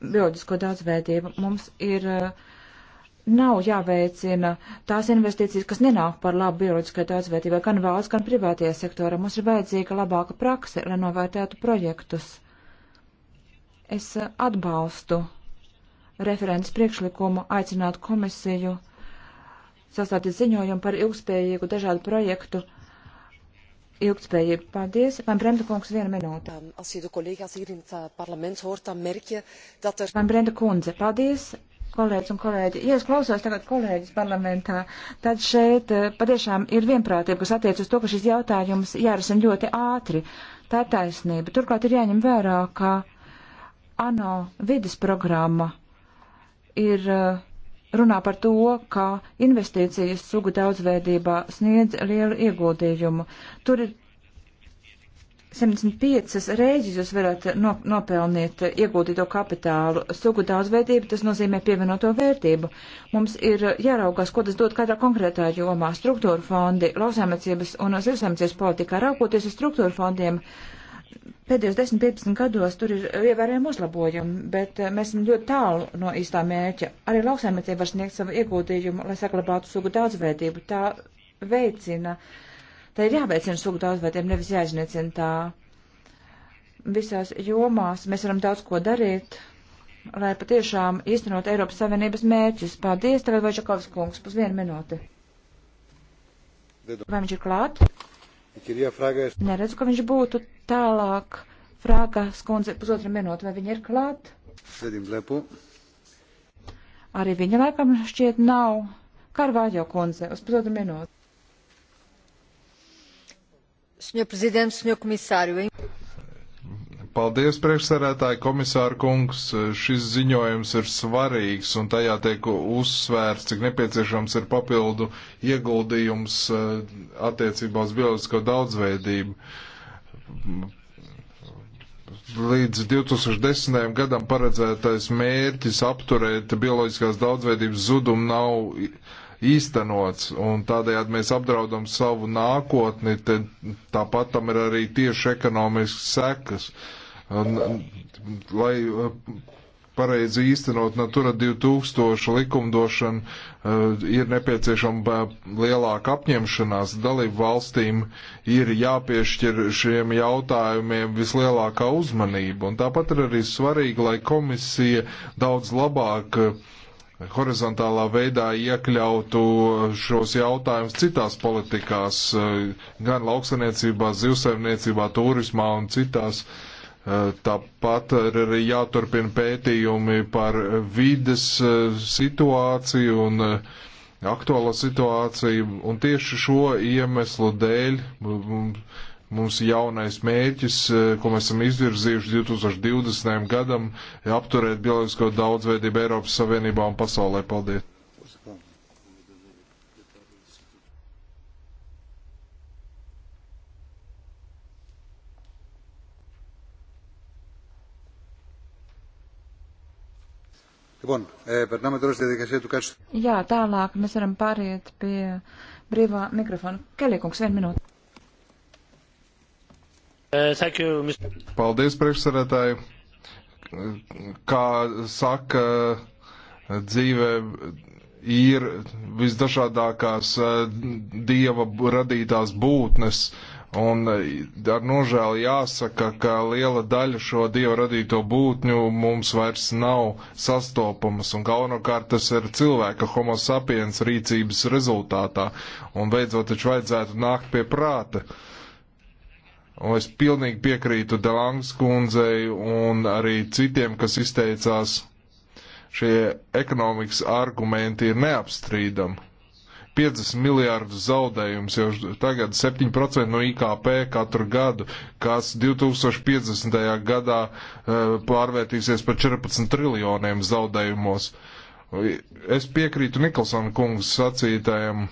bioloģisko daudzveidību. Mums ir uh, nav jāveicina tās investīcijas, kas nenāk par labu bioloģiskai daudzveidībai, gan valsts, gan privātajā sektorā. Mums ir vajadzīga labāka prakse, lai novērtētu projektus. Es eh, atbalstu referents priekšlikumu aicināt komisiju sastādīt ziņojumu par ilgspējīgu dažādu projektu ilgtspējību. Paldies. Van Brenda kungs, viena minūte. Eh, er- Van Brenda kundze, paldies kolēģis un kolēģi, ja es klausos tagad kolēģis parlamentā, tad šeit eh, patiešām ir vienprātība, kas attiec uz to, ka šis jautājums jārisina ļoti ātri. Tā ir taisnība. Turklāt ir jāņem vērā, ka ANO vidas programma ir eh, runā par to, ka investīcijas sugu daudzveidībā sniedz lielu ieguldījumu. Tur ir 75 reizes jūs varat no, nopelnīt iegūtīto kapitālu. Sugu daudzveidība, tas nozīmē pievienoto vērtību. Mums ir jāraugās, ko tas dod katrā konkrētā jomā. Struktūra fondi, lausēmniecības un zivsēmniecības politikā raugoties uz struktūra fondiem. Pēdējos 10-15 gados tur ir ievērējami uzlabojumi, bet eh, mēs esam ļoti tālu no īstā mērķa. Arī lauksaimniecība var sniegt savu ieguldījumu, lai saglabātu sugu daudzveidību. Tā veicina uh, Tā ir jāveicina sugu daudzveidība, nevis jāizniecina tā. Visās jomās mēs varam daudz ko darīt, lai patiešām īstenot Eiropas Savienības mērķus. Paldies, tev, Vaļčakovs kungs, pus vienu minūti. Vai viņš ir klāt? Neredzu, ka viņš būtu tālāk. Frāga skundze, pusotra minūte, vai viņa ir klāt? Sedim lepo. Arī viņa laikam šķiet nav. Karvāļo kundze, uz pusotru minūti. Sr. Prezidents, Sr. Komisāri. Paldies, priekšsarētāji, komisāra kungs. Šis ziņojums ir svarīgs un tajā tiek uzsvērts, cik nepieciešams ir papildu ieguldījums eh, attiecībā uz bioloģisko daudzveidību. Līdz 2010. gadam paredzētais mērķis apturēt bioloģiskās daudzveidības zudumu nav īstenots, un tādējādi mēs apdraudam savu nākotni, te, tāpat tam ir arī tieši ekonomisks sekas. Un, lai uh, pareizi īstenot Natura 2000 likumdošanu, uh, ir nepieciešama uh, lielāka apņemšanās. Dalību valstīm ir jāpiešķir šiem jautājumiem vislielākā uzmanība, un tāpat ir arī svarīgi, lai komisija daudz labāk uh, horizontālā veidā iekļautu šos jautājumus citās politikās, eh, gan lauksaniecībā, zivsaimniecībā, turismā un citās. Eh, tāpat arī jāturpina pētījumi par vides eh, situāciju un aktuālo situāciju, un tieši šo iemeslu dēļ Mūsu jaunais mērķis, eh, ko mēs esam izvirzījuši 2020. gadam, ir apturēt bioloģisko daudzveidību Eiropas Savienībā un pasaulē. Paldies! Jā, tālāk mēs varam pāriet pie brīvā mikrofona. Kelīkungs, vienu minūti. Uh, you, Paldies, priekšsarētāji. Kā saka, dzīve ir visdažādākās uh, dieva radītās būtnes, un uh, ar nožēlu jāsaka, ka liela daļa šo dieva radīto būtņu mums vairs nav sastopamas, un galvenokārt tas ir cilvēka homo sapiens rīcības rezultātā, un beidzot taču vajadzētu nākt pie prāta. Uh, Un es pilnīgi piekrītu Delangas kundzei un arī citiem, kas izteicās, šie ekonomikas argumenti ir neapstrīdami. 50 miljārdus zaudējums jau tagad 7% no IKP katru gadu, kas 2050. gadā eh, pārvērtīsies par 14 triljoniem zaudējumos. Es piekrītu Nikolsona kungas sacītājiem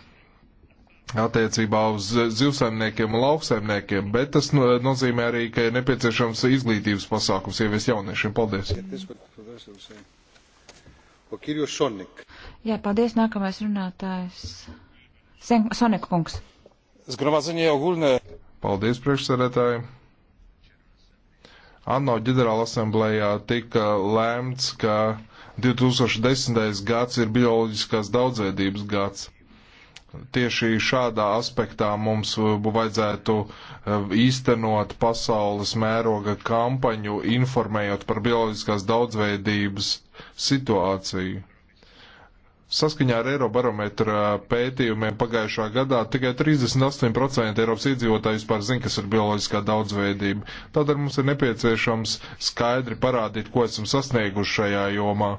attiecībā uz zivsaimniekiem un lauksaimniekiem, bet tas nozīmē arī, ka ir nepieciešams izglītības pasākums ievies jauniešiem. Paldies! Jā, paldies, nākamais runātājs. Sonika kungs. Paldies, priekšsēdētāji. ANO ģenerāla asamblējā tika lēmts, ka 2010. gads ir bioloģiskās daudzveidības gads tieši šādā aspektā mums eh, vajadzētu eh, īstenot pasaules mēroga kampaņu, informējot par bioloģiskās daudzveidības situāciju. Saskaņā ar Eirobarometra eh, pētījumiem pagājušā gadā tikai 38% Eiropas iedzīvotājus par zin, kas ir bioloģiskā daudzveidība. Tādēļ mums ir nepieciešams skaidri parādīt, ko esam sasnieguši šajā jomā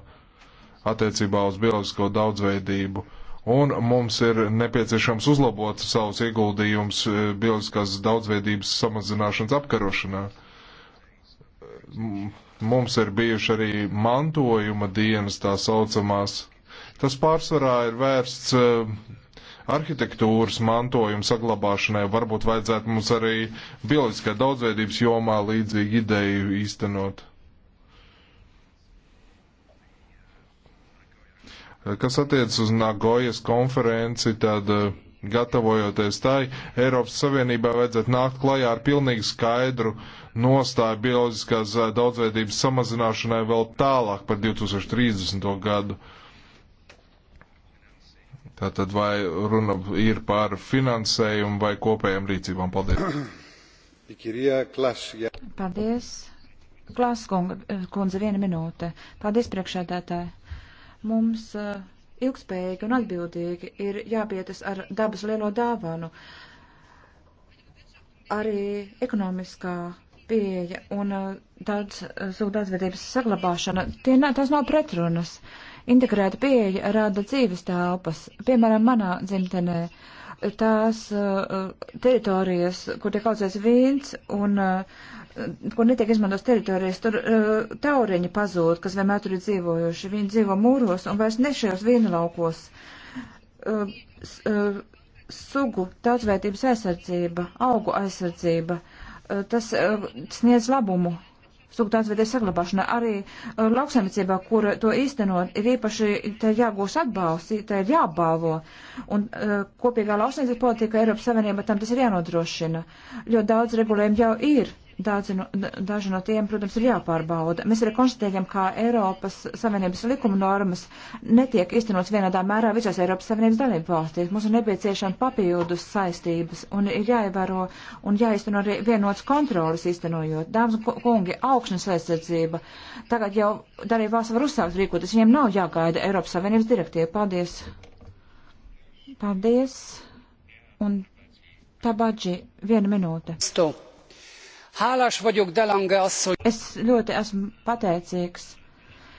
attiecībā uz bioloģisko daudzveidību. Uh, un mums ir nepieciešams uzlabot savus ieguldījumus eh, bioloģiskās daudzveidības samazināšanas apkarošanā. Mums ir bijuši arī mantojuma dienas tā saucamās. Tas pārsvarā ir vērsts eh, arhitektūras mantojuma saglabāšanai. Varbūt vajadzētu mums arī bioloģiskā daudzveidības jomā līdzīgi ideju īstenot. Kas attiecas uz Nagojas konferenci, tad eh, gatavojoties tai, Eiropas Savienībā vajadzētu nākt klajā ar pilnīgi skaidru nostāju bioloģiskās eh, daudzveidības samazināšanai vēl tālāk par 2030. gadu. Tātad vai runa ir par finansējumu vai kopējām rīcībām? Paldies. Paldies. Klāskunga, eh, kundze, viena minūte. Paldies, priekšādātāji. Mums eh, ilgspējīgi un atbildīgi ir jāpietas ar dabas lielo dāvanu. Arī ekonomiskā pieeja un tāds eh, eh, sūdādzvedības saglabāšana, tie, tās nav pretrunas. Integrēta pieeja rada dzīves telpas, piemēram, manā dzimtenē. Tās uh, teritorijas, kur tiek audzēts vīns un uh, kur netiek izmantos teritorijas, tur uh, e, tauriņi pazūd, kas vienmēr tur ir dzīvojuši. Viņi dzīvo mūros un vairs ne šajos vīnlaukos. Uh, e, uh, e, sugu daudzveidības aizsardzība, augu aizsardzība, uh, tas uh, sniedz labumu. Sugu daudzveidības saglabāšana arī uh, lauksaimniecībā, kur to īstenot, ir īpaši tā jāgūst atbalsts, tā ir jābalvo. Un uh, kopīgā lauksaimniecības politika Eiropas Savienība tam tas ir jānodrošina. Ļoti daudz regulējumu jau ir Daudzi no, daži no tiem, protams, ir jāpārbauda. Mēs arī konstatējam, ka Eiropas Savienības likuma normas netiek iztenots vienādā mērā visās Eiropas Savienības dalību valstīs. Mums ir nepieciešama papildus saistības un ir jāievēro un jāizteno arī vienots kontrolas iztenojot. Dāmas un kungi, augšanas aizsardzība. Tagad jau dalību valsts var uzsākt rīkoties. Viņiem nav jāgaida Eiropas Savienības direktīva. Paldies. Paldies. Un tabadži, viena minūte. Stop. Hálás vagyok Delange asszony. Es ļoti esmu pateicīgs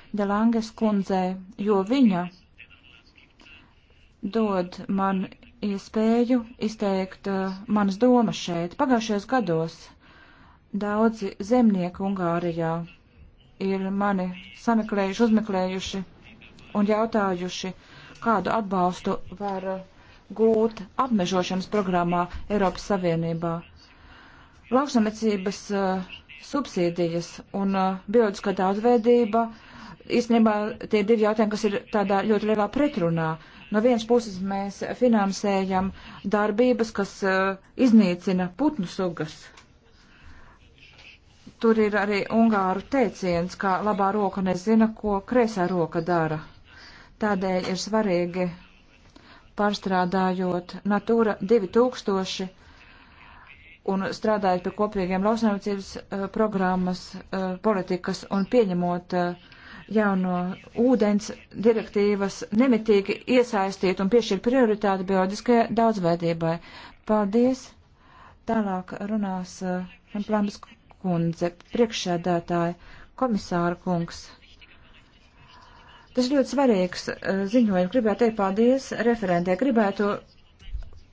Delanges kundzei, jo viņa dod man iespēju izteikt uh, manas domas šeit. Pagājušajos gados daudzi zemnieki Ungārijā ir mani sameklējuši, uzmeklējuši un jautājuši, kādu atbalstu var gūt apmežošanas programmā Eiropas Savienībā. Lauksamniecības uh, subsīdijas un uh, bioloģiskā daudzveidība īstenībā tie divi jautājumi, kas ir tādā ļoti lielā pretrunā. No vienas puses mēs finansējam darbības, kas uh, iznīcina putnu sugas. Tur ir arī ungāru teiciens, ka labā roka nezina, ko kreisā roka dara. Tādēļ ir svarīgi pārstrādājot Natūra 2000 un strādājot pie kopīgiem lauksaimniecības uh, programmas, uh, politikas un pieņemot uh, jauno ūdens direktīvas nemitīgi iesaistīt un piešķirt prioritāti bioloģiskajai daudzveidībai. Paldies! Tālāk runās uh, Plāmas kundze, priekšsēdētāja, komisāra kungs. Tas ļoti svarīgs uh, ziņojums. Gribētu teikt paldies referentē. Gribētu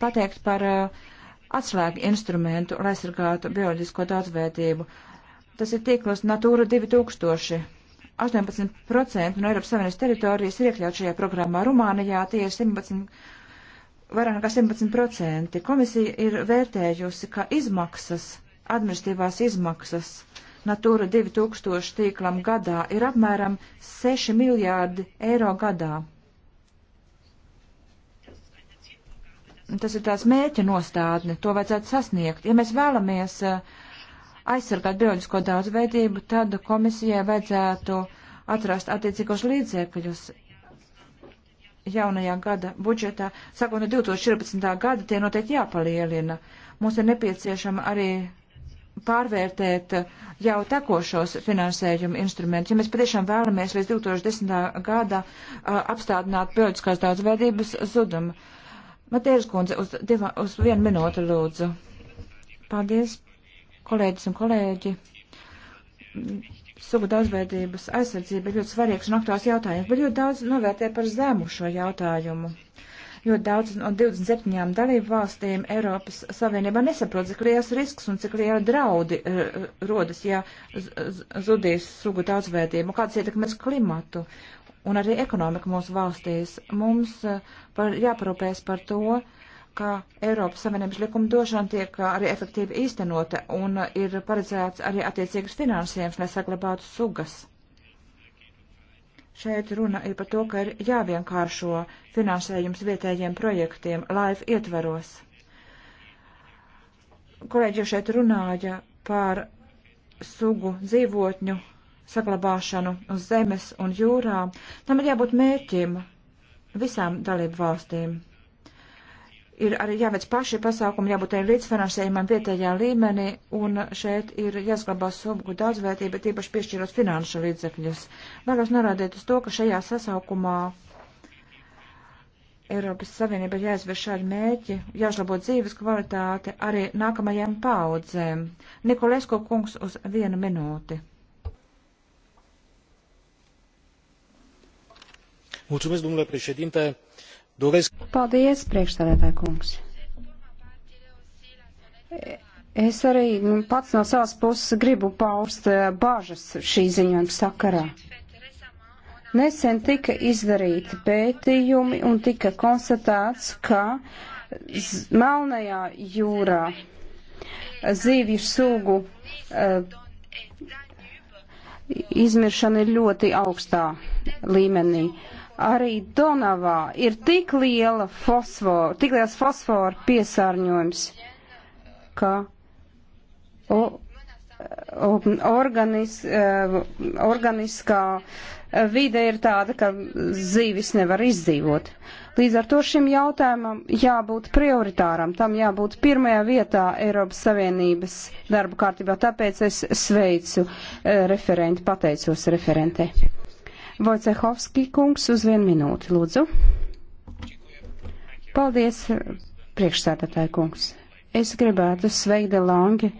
pateikt par uh, atslēgu instrumentu, lai aizsargātu bioloģisko daudzveidību. Tas ir tīklos Natūra 2000. 18% no Eiropas Savienības teritorijas ir iekļauts šajā programmā. Rumānijā tie ir 17, vairāk nekā 17%. Komisija ir vērtējusi, ka izmaksas, administratīvās izmaksas Natūra 2000 tīklam gadā ir apmēram 6 miljārdi eiro gadā. tas ir tās mērķa nostādne, to vajadzētu sasniegt. Ja mēs vēlamies uh, aizsargāt bioloģisko daudzveidību, tad komisijai vajadzētu atrast attiecīgos līdzekļus jaunajā gada budžetā. Sākot no 2014. gada tie noteikti jāpalielina. Mums ir nepieciešama arī pārvērtēt jau tekošos finansējumu instrumentus. Ja mēs patiešām vēlamies līdz 2010. gada uh, apstādināt bioloģiskās daudzveidības zudumu, Matēras kundze, uz, divā, uz vienu minūti lūdzu. Paldies, kolēģis un kolēģi. Sugu daudzveidības aizsardzība ir ļoti svarīgs un aktuāls jautājums, bet ļoti daudz novērtē par zemu šo jautājumu. Ļoti daudz no 27 dalību valstīm Eiropas Savienībā nesaprot, cik liels risks un cik liela draudi eh, rodas, ja zudīs sugu daudzveidību, kāds ietekmēs klimatu un arī ekonomika mūsu valstīs. Mums eh, par, jāparūpēs par to, ka Eiropas Savienības likuma došana tiek eh, arī efektīvi īstenota un eh, ir paredzēts arī attiecīgas finansējums, lai saglabātu sugas. Šeit runa ir par to, ka ir jāvienkāršo finansējums vietējiem projektiem laiv ietveros. Kolēģi jau šeit runāja par sugu dzīvotņu saglabāšanu uz zemes un jūrā, tam ir jābūt mērķim visām dalību valstīm. Ir arī jāveic paši pasākumi, jābūt arī līdzfinansējumam vietējā līmenī, un šeit ir jāsaglabā subgu daudzvērtība, tīpaši piešķirot finanšu līdzekļus. Vēlos norādīt uz to, ka šajā sasaukumā Eiropas Savienība ir jāizver šādi mērķi, jāuzlabo dzīves kvalitāte arī nākamajām paudzēm. Nikolesko kungs uz vienu minūti. Mulțumesc, domnule președinte. Doresc... Paldies, priekšstādētāja kungs. Es arī nu, pats no savas puses gribu paust eh, bāžas šī ziņojuma sakarā. Nesen tika izdarīti pētījumi un tika konstatēts, ka Melnajā jūrā zīvju sugu uh, izmiršana ir ļoti augstā līmenī. Uh, Arī Donavā ir tik, liela fosfor, tik liels fosfora piesārņojums, ka o, o, organis, e, organiskā vide ir tāda, ka zīvis nevar izdzīvot. Līdz ar to šim jautājumam jābūt prioritāram, tam jābūt pirmajā vietā Eiropas Savienības darba kārtībā. Tāpēc es sveicu e, referenti, pateicos referentei. Vojcehovski kungs uz vienu minūti, lūdzu. Paldies, priekšsēdētāji kungs. Es gribētu sveikt Delangi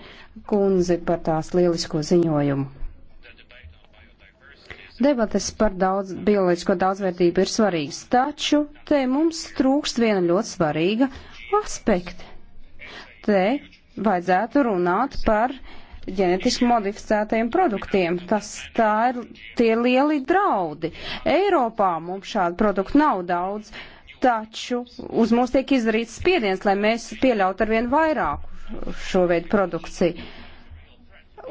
kundzi par tās lielisko ziņojumu. Debates par daudz, bioloģisko daudzvērtību ir svarīgas, taču te mums trūkst viena ļoti svarīga aspekta. Te vajadzētu runāt par uh, ģenetiski modificētajiem produktiem. Tas tā ir tie lieli draudi. Eiropā mums šādu produktu nav daudz, taču uz mums tiek izdarīts spiediens, lai mēs pieļautu arvien vairāk šo veidu produkciju.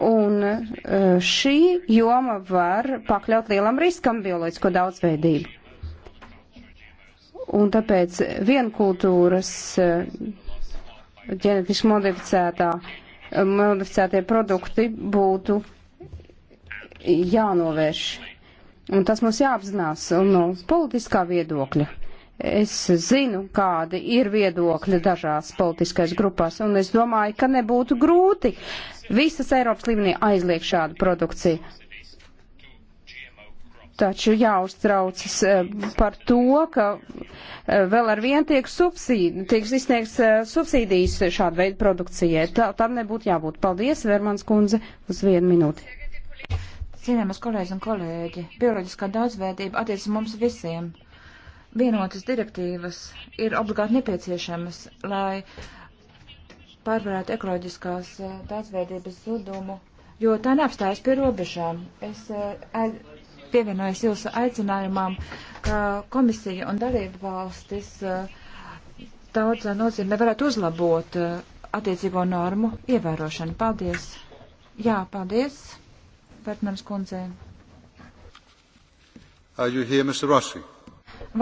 Un eh, šī joma var pakļaut lielam riskam bioloģisko daudzveidību. Un tāpēc vienkultūras eh, ģenetiski modificētā uh, Um, modificētie produkti būtu jānovērš. Un tas mums jāapzinās no politiskā viedokļa. Es zinu, kādi ir viedokļi dažās politiskais grupās, un es domāju, ka nebūtu grūti visas Eiropas līmenī aizliegt šādu produkciju taču jāuztraucas eh, par to, ka eh, vēl ar vienu tiek, subsīd, tiek izsniegts eh, subsīdijas šādu veidu produkcijai. Tā, tam nebūtu jābūt. Paldies, Vermans kundze, uz vienu minūti. Cienējamas kolēģis un kolēģi, bioloģiskā daudzveidība attiec mums visiem. Vienotas direktīvas ir obligāti nepieciešamas, lai pārvarētu ekoloģiskās daudzveidības zudumu jo tā neapstājas pie robežām. Es pievienojas jūsu aicinājumam, ka komisija un dalību valstis eh, daudz nozīmē varētu uzlabot eh, attiecīgo normu ievērošanu. Paldies! Jā, paldies, Vērtnams kundzē.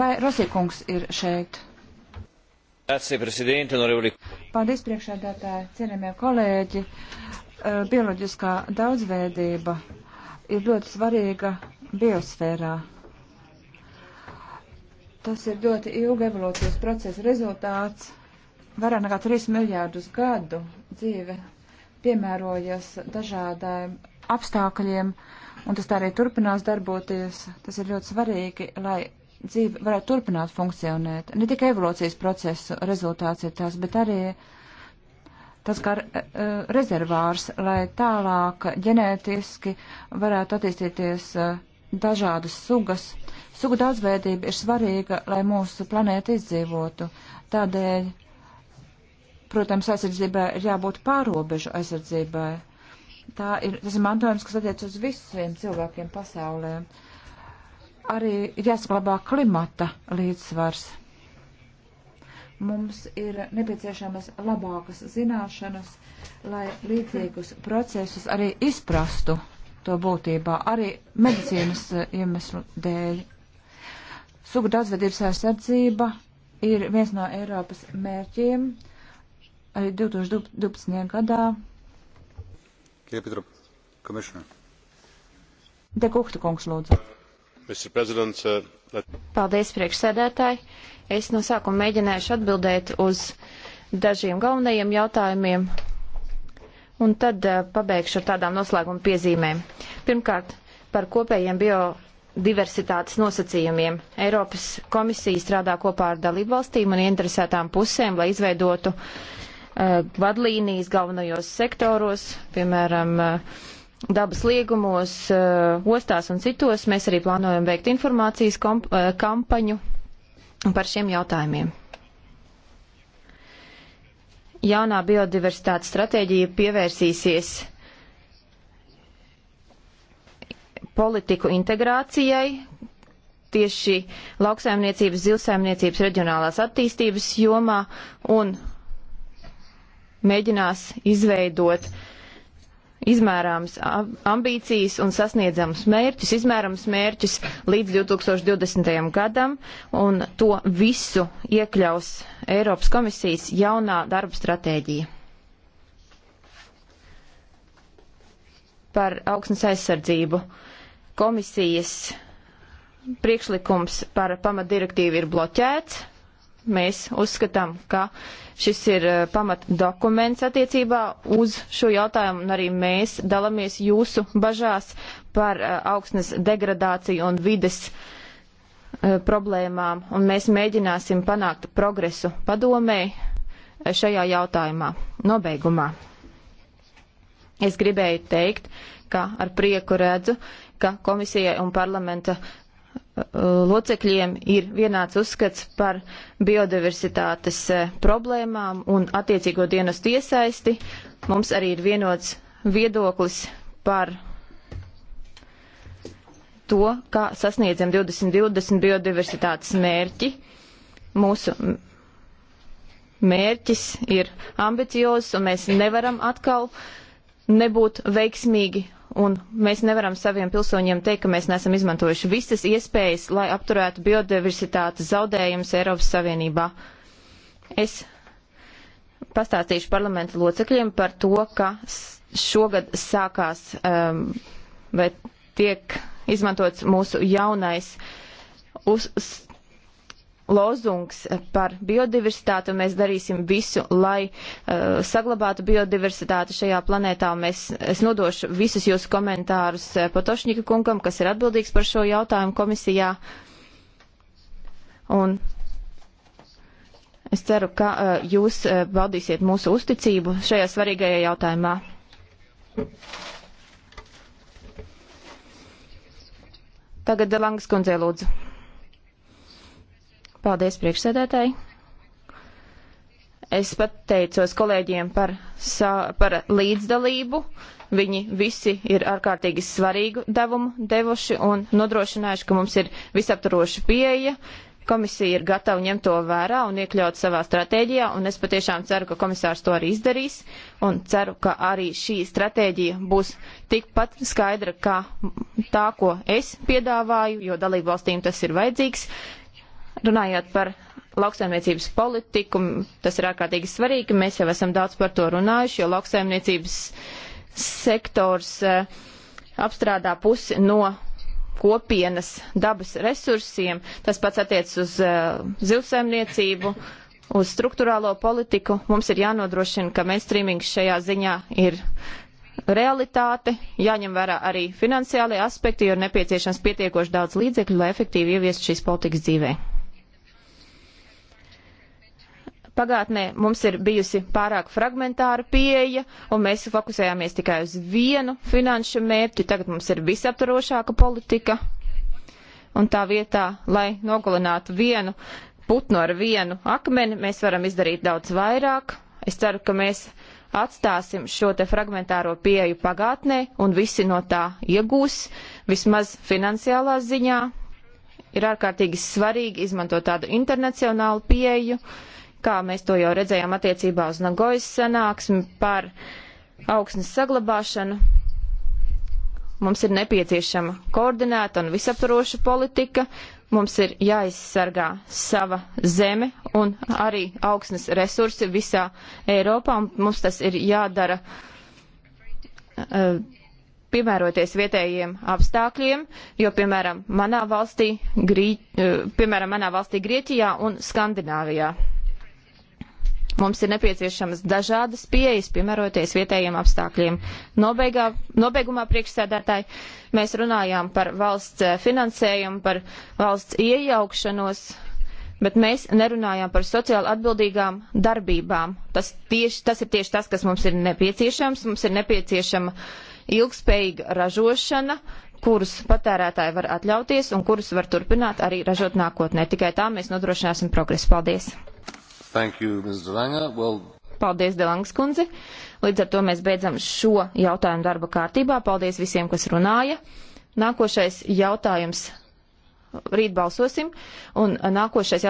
Vai Rosīkungs ir šeit? Paldies, priekšādātāji, cienījamie kolēģi. Eh, bioloģiskā daudzveidība ir ļoti svarīga biosfērā. Tas ir ļoti ilga evolūcijas procesa rezultāts. Vairāk nekā 3 miljārdus gadu dzīve piemērojas dažādiem apstākļiem, un tas tā arī turpinās darboties. Tas ir ļoti svarīgi, lai dzīve varētu turpināt funkcionēt. Ne tikai evolūcijas procesu rezultāts ir tas, bet arī tas kā eh, eh, rezervārs, lai tālāk ģenētiski varētu attīstīties eh, dažādas sugas. Sugu daudzveidība ir svarīga, lai mūsu planēta izdzīvotu. Tādēļ, protams, aizsardzībai ir jābūt pārobežu aizsardzībai. Tā ir, tas ir mantojums, kas attiec uz visiem cilvēkiem pasaulē. Arī ir jāsaglabā klimata līdzsvars. Mums ir nepieciešamas labākas zināšanas, lai līdzīgus procesus arī izprastu to būtībā, arī medicīnas eh, iemeslu dēļ. Sugu daudzvedības aizsardzība ir viens no Eiropas mērķiem arī 2012. gadā. Kiepitra, komisār. De Kukta kungs, lūdzu. Uh, let... Paldies, priekšsēdētāji. Es no sākuma mēģināšu atbildēt uz dažiem galvenajiem jautājumiem, Un tad uh, pabeigšu ar tādām noslēguma piezīmēm. Pirmkārt, par kopējiem biodiversitātes nosacījumiem. Eiropas komisija strādā kopā ar dalību valstīm un interesētām pusēm, lai izveidotu uh, vadlīnijas galvenajos sektoros, piemēram, uh, dabas liegumos, uh, ostās un citos. Mēs arī plānojam veikt informācijas kampaņu par šiem jautājumiem jaunā biodiversitātes stratēģija pievērsīsies politiku integrācijai tieši lauksaimniecības, zilsaimniecības, reģionālās attīstības jomā un mēģinās izveidot uh, izmērāmas ambīcijas un sasniedzamas mērķus, izmērāmas mērķus līdz 2020. gadam, un to visu iekļaus Eiropas komisijas jaunā darba stratēģija. Par augsnes aizsardzību komisijas priekšlikums par pamatdirektīvu ir bloķēts. Mēs uzskatām, ka uh, Šis ir eh, pamat dokuments attiecībā uz šo jautājumu, un arī mēs dalamies jūsu bažās par eh, augsnes degradāciju un vides eh, problēmām, un mēs mēģināsim panākt progresu padomē šajā jautājumā. Nobeigumā es gribēju teikt, ka ar prieku redzu, ka komisijai un parlamenta locekļiem ir vienāds uzskats par biodiversitātes eh, problēmām un attiecīgo dienestu iesaisti. Mums arī ir vienots viedoklis par to, kā sasniedzam 2020 biodiversitātes mērķi. Mūsu mērķis ir ambiciozs un mēs nevaram atkal nebūt veiksmīgi un mēs nevaram saviem pilsoņiem teikt, ka mēs neesam izmantojuši visas iespējas, lai apturētu biodiversitātes zaudējumus Eiropas Savienībā. Es pastāstīšu parlamenta locekļiem par to, ka šogad sākās um, vai tiek izmantots mūsu jaunais uz, lozungs par biodiversitāti, un mēs darīsim visu, lai uh, saglabātu biodiversitāti šajā planētā. Mēs, es nodošu visus jūsu komentārus eh, Potošņika kungam, kas ir atbildīgs par šo jautājumu komisijā. Un es ceru, ka uh, jūs uh, baudīsiet mūsu uzticību šajā svarīgajā jautājumā. Tagad Langas kundzei lūdzu. Paldies priekšsēdētāji. Es pateicos kolēģiem par, sa, par līdzdalību. Viņi visi ir ārkārtīgi svarīgu devumu devuši un nodrošinājuši, ka mums ir visaptaroša pieeja. Komisija ir gatava ņemt to vērā un iekļaut savā stratēģijā, un es patiešām ceru, ka komisārs to arī izdarīs, un ceru, ka arī šī stratēģija būs tikpat skaidra kā tā, ko es piedāvāju, jo dalību valstīm tas ir vajadzīgs, Runājot par lauksaimniecības politiku, tas ir ārkārtīgi svarīgi. Mēs jau esam daudz par to runājuši, jo lauksaimniecības sektors eh, apstrādā pusi no kopienas dabas resursiem. Tas pats attiec uz eh, zivsaimniecību, uz struktūrālo politiku. Mums ir jānodrošina, ka mainstreamings šajā ziņā ir realitāte, jāņem vērā arī finansiālie aspekti, jo ir nepieciešams pietiekoši daudz līdzekļu, lai efektīvi ieviestu šīs politikas dzīvē. Pagātnē mums ir bijusi pārāk fragmentāra pieeja, un mēs fokusējāmies tikai uz vienu finanšu mērķi. Tagad mums ir visaptarošāka politika, un tā vietā, lai nogalinātu vienu putnu ar vienu akmeni, mēs varam izdarīt daudz vairāk. Es ceru, ka mēs atstāsim šo te fragmentāro pieeju pagātnē, un visi no tā iegūs, vismaz finansiālā ziņā. Ir ārkārtīgi svarīgi izmantot tādu internacionālu pieeju, uh, kā mēs to jau redzējām attiecībā uz Nagojas sanāksmi par augsnes saglabāšanu. Mums ir nepieciešama koordinēta un visaptvaroša politika, mums ir jāizsargā sava zeme un arī augsnes resursi visā Eiropā, un mums tas ir jādara uh, piemēroties vietējiem apstākļiem, jo, piemēram, manā valstī, Grī, uh, piemēram, manā valstī Grieķijā un Skandināvijā. Mums ir nepieciešamas dažādas pieejas, piemēroties vietējiem apstākļiem. Nobeigā, nobeigumā priekšsēdētāji mēs runājām par valsts eh, finansējumu, par valsts iejaukšanos, bet mēs nerunājām par sociāli atbildīgām darbībām. Tas, tieši, tas ir tieši tas, kas mums ir nepieciešams. Mums ir nepieciešama ilgspējīga ražošana, kurus patērētāji var atļauties un kurus var turpināt arī ražot nākotnē. Tikai tā mēs nodrošināsim progresu. Paldies! Thank you, Ms. Delanga. Well... Paldies, Delangas kundze. Līdz ar to mēs beidzam šo jautājumu darba kārtībā. Paldies visiem, kas runāja. Nākošais jautājums rīt balsosim. Un nākošais